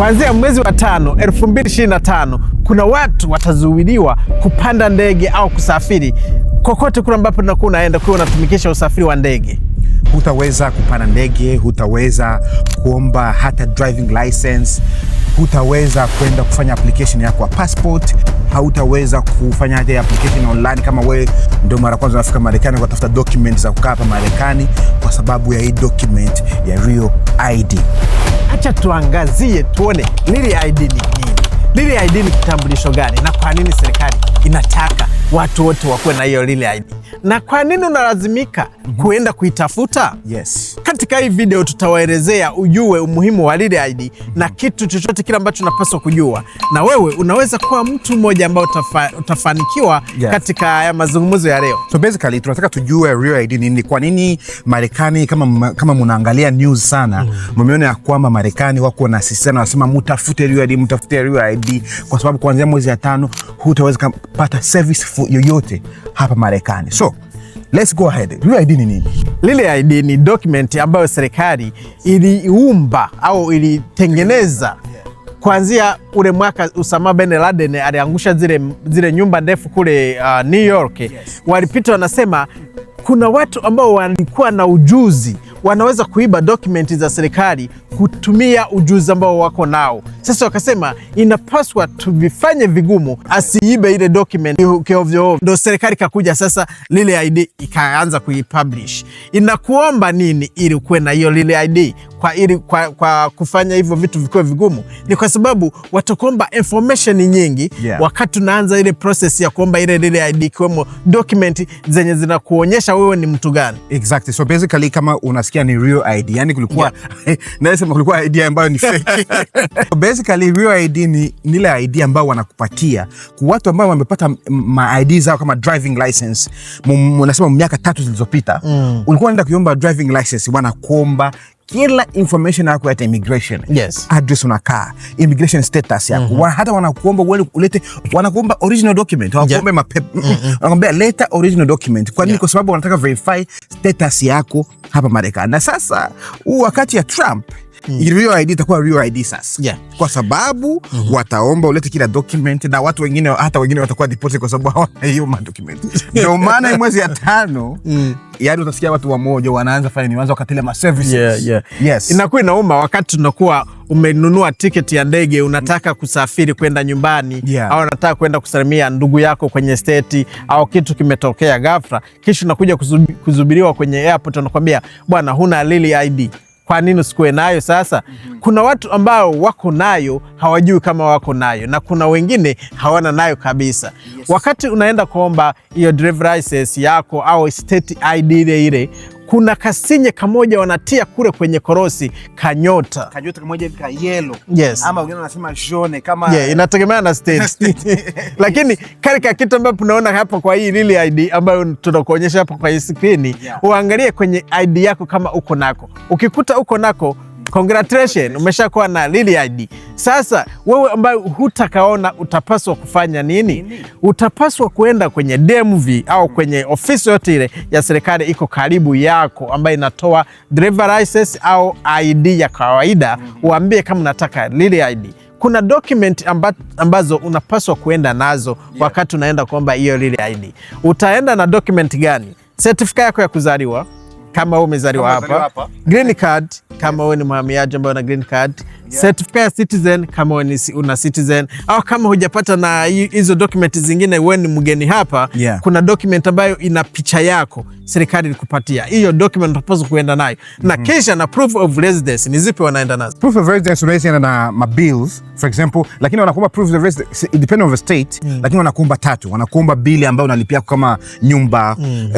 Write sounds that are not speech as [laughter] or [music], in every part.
Kuanzia mwezi wa tano 2025 kuna watu watazuiliwa kupanda ndege au kusafiri kokote kule ambapo unakuwa unaenda kuwa unatumikisha usafiri wa ndege. Hutaweza kupanda ndege, hutaweza kuomba hata driving license, hutaweza kwenda kufanya application yako ya passport, hautaweza kufanya hata application online kama wewe ndio mara kwanza unafika Marekani ukatafuta document za kukaa hapa Marekani, kwa sababu ya hii document ya Real ID acha tuangazie tuone nili ID ni nini? Lili ID ni kitambulisho gani na kwa nini serikali inataka watu wote wakuwe na hiyo lile ID. Na kwa nini unalazimika mm -hmm. kuenda kuitafuta? Yes. Katika hii video tutawaelezea ujue umuhimu wa lile ID mm -hmm. na kitu chochote kile ambacho unapaswa kujua, na wewe unaweza kuwa mtu mmoja ambao utafa, utafanikiwa yes. katika haya mazungumzo ya leo. So basically tunataka tujue real ID nini, kwa nini Marekani kama, kama munaangalia news sana mm. mmeona mm -hmm. ya kwamba Marekani wako na wanasisitiza wanasema mtafute real ID, mtafute real ID kwa sababu kuanzia mwezi ya tano hutaweza kupata service maarufu yoyote hapa Marekani. So let's go ahead. Hiyo ID ni nini? Lile ID ni document ambayo serikali iliumba au ilitengeneza kuanzia ule mwaka Usama bin Laden aliangusha zile, zile nyumba ndefu kule uh, New York. Yes. Walipita wanasema kuna watu ambao walikuwa na ujuzi wanaweza kuiba dokumenti za serikali kutumia ujuzi ambao wako nao. Sasa wakasema inapaswa tuvifanye vigumu, asiibe ile document kiovyoovyo, ndo serikali kakuja sasa, lile ID ikaanza kuipublish. Inakuomba nini ili kuwe na hiyo lile ID? Kwa, ili, kwa, kwa kufanya hivyo vitu vikiwa vigumu ni kwa sababu watakuomba information nyingi yeah. Wakati tunaanza ile process ya kuomba ile lile ID ikiwemo dokumenti zenye zinakuonyesha wewe ni mtu gani exactly. So basically kama una nasikia ni real ID. Yani kulikuwa yeah. [laughs] Nasema kulikuwa ID ambayo ni fake [laughs] basically real ID ni ile ID ambayo wanakupatia kwa watu ambao wamepata ma ID zao kama driving license, mnasema miaka tatu zilizopita, mm. ulikuwa unaenda kuomba driving license, wanakuomba kila information yako ya immigration, yes. Address unakaa, immigration status yako. Mm -hmm. Hata wanakuomba wewe ulete, wanakuomba original document, hawakuomba mapepe. Wanakuambia leta original document. Kwa nini? Kwa sababu wanataka verify status yako hapa Marekani. Na sasa huu wakati ya Trump mm. real ID itakuwa real ID sasa yeah. kwa sababu mm -hmm. wataomba ulete kila document na watu wengine hata wengine watakuwa dipoti kwa sababu hawana hiyo madocument. [laughs] Ndio maana mwezi ya tano mm. yani utasikia watu wamoja wanaanza fanya nianza wakatile ma services yeah, yeah. yes. inakuwa inauma wakati tunakuwa umenunua tiketi ya ndege unataka kusafiri kwenda nyumbani yeah. au unataka kwenda kusalimia ndugu yako kwenye steti au kitu kimetokea ghafla, kisha unakuja kuzubiriwa kwenye airport, wanakwambia bwana, huna lili ID kwa nini usikuwe nayo sasa? mm -hmm. Kuna watu ambao wako nayo hawajui kama wako nayo, na kuna wengine hawana nayo kabisa. Yes. Wakati unaenda kuomba hiyo driver license yako au state ID ile ile kuna kasinye kamoja wanatia kule kwenye korosi kanyota, kanyota kamoja ka yellow, yes. Ama wengine wanasema jone kama yeah, inategemeana na state [laughs] lakini kale ka kitu ambayo tunaona hapa kwa hii lili ID ambayo tunakuonyesha hapa kwa hii screen yeah. Uangalie kwenye ID yako kama uko nako, ukikuta uko nako Congratulations, umeshakuwa na lili ID. Sasa wewe ambaye hutakaona utapaswa kufanya nini? Nini? Utapaswa kuenda kwenye DMV au kwenye ofisi yote ile ya serikali iko karibu yako ambayo inatoa driver license au ID ya kawaida, uambie kama unataka lili ID. Kuna document amba, ambazo unapaswa kuenda nazo yeah. Wakati unaenda kuomba hiyo lili ID utaenda na document gani? Certificate yako ya kuzaliwa kama umezaliwa hapa, green card. Kama wewe ni mhamiaji ambaye una green card yeah. citizen kama una citizen au kama hujapata na hizo document zingine, wewe ni mgeni hapa yeah. Kuna document ambayo ina picha yako, serikali ilikupatia hiyo document, unapaswa kuenda nayo mm -hmm. na mhm. Kisha na proof of residence, ni zipi wanaenda nazo? Proof of residence unaweza unaenda na mabills for example, lakini wanakuomba proof of residence it depending on the state mm. Lakini wanakuomba tatu, wanakuomba bili ambayo unalipia kama nyumba mm. Uh,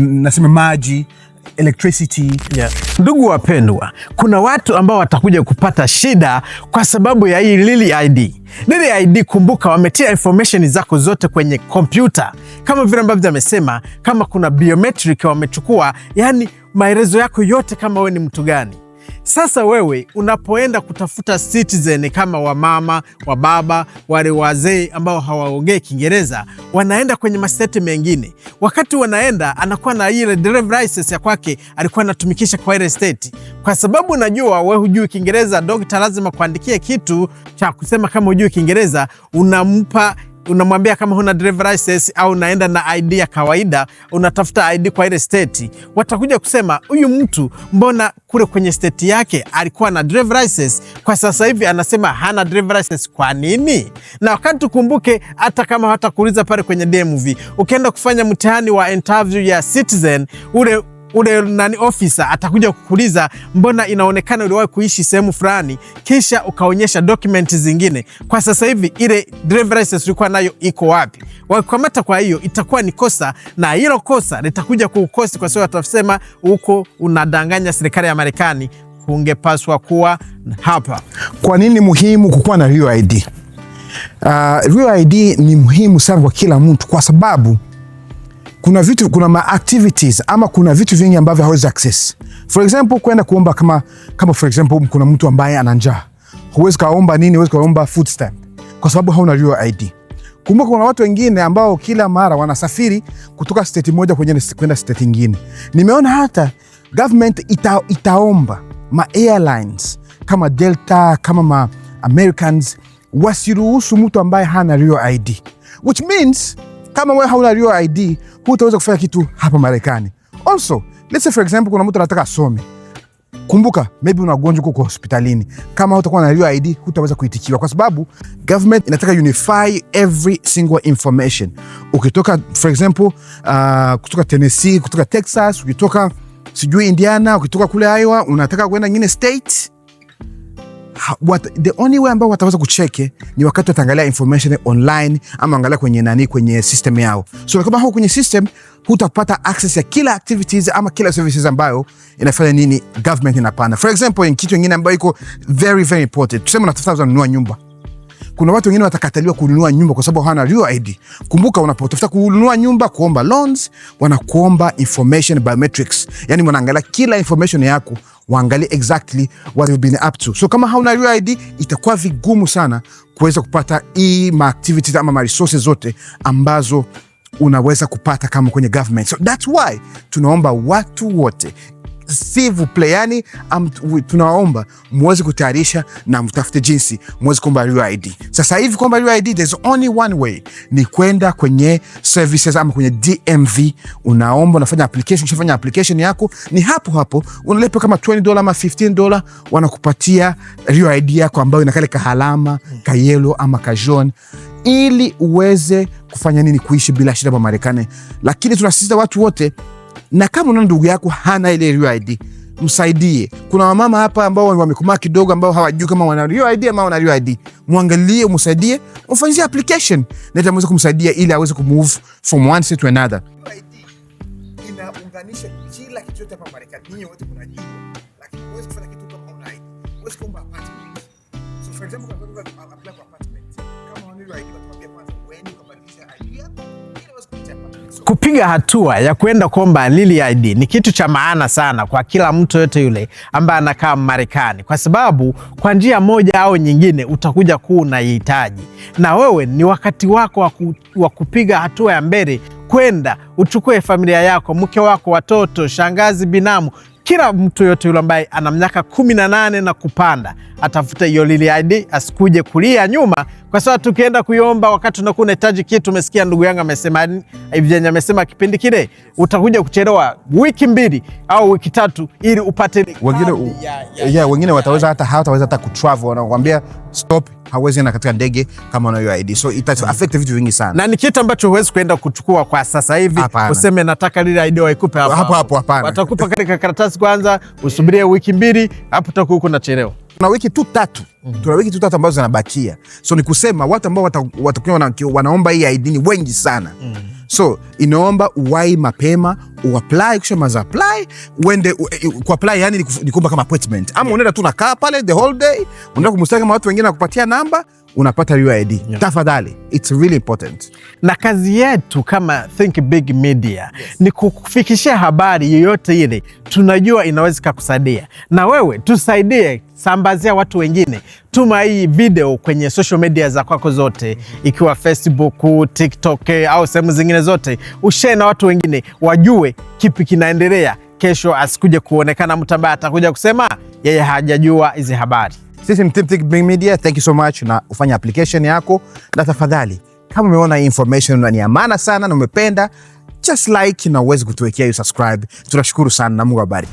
nasema maji electricity yeah. Ndugu wapendwa, kuna watu ambao watakuja kupata shida kwa sababu ya hii lili ID. lili ID, kumbuka, wametia information zako zote kwenye kompyuta, kama vile ambavyo amesema, kama kuna biometric wamechukua, yani maelezo yako yote, kama we ni mtu gani sasa wewe unapoenda kutafuta citizen kama wamama, wababa, wale wazee ambao hawaongee Kiingereza wanaenda kwenye mastate mengine, wakati wanaenda anakuwa na ile driver's license ya kwake alikuwa anatumikisha kwa ile state. Kwa sababu najua we hujui Kiingereza, dokta lazima kuandikia kitu cha kusema kama hujui Kiingereza, unampa unamwambia kama huna driver license au unaenda na ID ya kawaida, unatafuta ID kwa ile state, watakuja kusema huyu mtu mbona kule kwenye state yake alikuwa na driver license, kwa sasa hivi anasema hana driver license. Kwa nini? Na wakati tukumbuke, hata kama hatakuuliza pale kwenye DMV, ukienda kufanya mtihani wa interview ya Citizen ule ule nani ofisa atakuja kukuuliza mbona inaonekana uliwahi kuishi sehemu fulani, kisha ukaonyesha document zingine. Kwa sasa hivi ile driver license ulikuwa nayo iko wapi? Wakikamata, kwa hiyo itakuwa ni kosa, na hilo kosa litakuja kukosi kwa sababu atasema huko unadanganya serikali ya Marekani, kungepaswa kuwa hapa. Kwa nini muhimu kukuwa na real ID? Uh, ah, real ID ni muhimu sana kwa kila mtu kwa sababu kuna vitu, kuna ma activities ama kuna vitu vingi ambavyo hawezi access. For example, kwenda kuomba kama kama for example kuna mtu ambaye ana njaa. Huwezi kaomba nini? Huwezi kaomba food stamp kwa sababu hauna real ID. Kumbuka kuna watu wengine ambao kila mara wanasafiri kutoka state moja kwenye kwenda state nyingine. Nimeona hata government ita, itaomba ma airlines kama Delta kama ma Americans wasiruhusu mtu ambaye hana real ID. Which means kama wewe hauna real ID hutaweza kufanya kitu hapa Marekani. Also, let's say for example kuna mtu anataka asome. Kumbuka maybe una ugonjwa uko hospitalini, kama hutakuwa na hiyo ID hutaweza kuitikiwa, kwa sababu government inataka unify every single information. Ukitoka for example uh, kutoka Tennessee, kutoka Texas, ukitoka sijui Indiana, ukitoka kule Iowa, unataka kwenda nyingine state What, the only way ambao wataweza kucheke ni wakati wataangalia information online ama angalia kwenye nani, kwenye system yao. So kama huko kwenye system hutapata access ya kila activities ama kila services ambayo inafanya nini government inapanda. For example, in kitu kingine ambayo iko very very important, tuseme unatafuta kununua nyumba. Kuna watu wengine watakataliwa kununua nyumba kwa sababu hawana real ID. Kumbuka, unapotafuta kununua nyumba, kuomba loans, wanakuomba information biometrics, yani wanaangalia kila information yako waangalie exactly what you've been up to. So kama hauna UID itakuwa vigumu sana kuweza kupata hii ma activities ama ma resources zote ambazo unaweza kupata kama kwenye government. So that's why tunaomba watu wote s'il vous plait, yani tunaomba muweze kutayarisha na mtafute jinsi muweze kuomba real ID. Sasa hivi kuomba real ID, there's only one way, ni kwenda kwenye services ama kwenye DMV, unaomba unafanya application, ushafanya application yako, ni hapo hapo unalipa kama 20 dola ama 15 dola, wanakupatia real ID yako ambayo ina kale kahalama kayelo ama kajon ili uweze kufanya nini, kuishi bila shida hapa Marekani. Lakini tunasisitiza watu wote na kama una ndugu yako hana ile id msaidie. Kuna wamama hapa ambao wamekomaa kidogo, ambao hawajui kama wana RUID ama wana RUID. Mwangalie, msaidie, mfanyie application na itamweza kumsaidia ili aweze kumove from one state to another. Inaunganisha kila kitu chote hapa Marekani, nyinyi wote mnajua, lakini huwezi kufanya kitu kama huwezi kuomba apartment. So for example, kwa kupiga hatua ya kuenda kuomba lili ID ni kitu cha maana sana kwa kila mtu yote yule ambaye anakaa Marekani, kwa sababu kwa njia moja au nyingine utakuja kuwa unaihitaji, na wewe ni wakati wako wa kupiga hatua ya mbele kwenda uchukue familia yako, mke wako, watoto, shangazi, binamu, kila mtu yote yule ambaye ana miaka kumi na nane na kupanda atafute hiyo lili ID, asikuje kulia nyuma, kwa sababu tukienda kuiomba wakati unakuwa unahitaji kitu. Umesikia ndugu yangu amesema yaani, hivi, amesema kipindi kile utakuja kuchelewa wiki mbili au wiki tatu ili upate wengine, yeah, wengine wataweza hata hawataweza hata kutravel, wanakuambia stop hauwezi enda katika ndege kama ID, so ita affect vitu vingi sana, na ni kitu ambacho huwezi kuenda kuchukua kwa sasa hivi useme nataka lile ID waikupe hapo hapo. Hapana, watakupa katika karatasi kwanza, usubirie wiki mbili, hapo utakuwa huko nachelewa na wiki tu tatu mm -hmm. Tuna wiki tu tatu ambazo zinabakia, so ni kusema watu ambao watakuwa wanaomba hii ID ni wengi sana mm So inaomba uwai mapema uapply, kushamaza apply uende kuapply, yani ni kama appointment ama yeah. Unaenda tu nakaa pale the whole day, unaenda kumustaki kama watu wengine nakupatia namba unapata UID yeah. Tafadhali, it's really important, na kazi yetu kama Think Big Media yes. ni kukufikishia habari yoyote ile tunajua inaweza kukusaidia, na wewe tusaidie, sambazia watu wengine, tuma hii video kwenye social media za kwako zote, ikiwa Facebook, TikTok au sehemu zingine zote, ushare na watu wengine wajue kipi kinaendelea. Kesho asikuje kuonekana mtu ambaye atakuja kusema yeye hajajua hizi habari. Sisi Mtiptik Big Media, thank you so much na ufanya application yako, na tafadhali kama umeona information na ni amana sana na umependa just like na uwezi kutuwekea hiyo subscribe. Tunashukuru sana na Mungu bari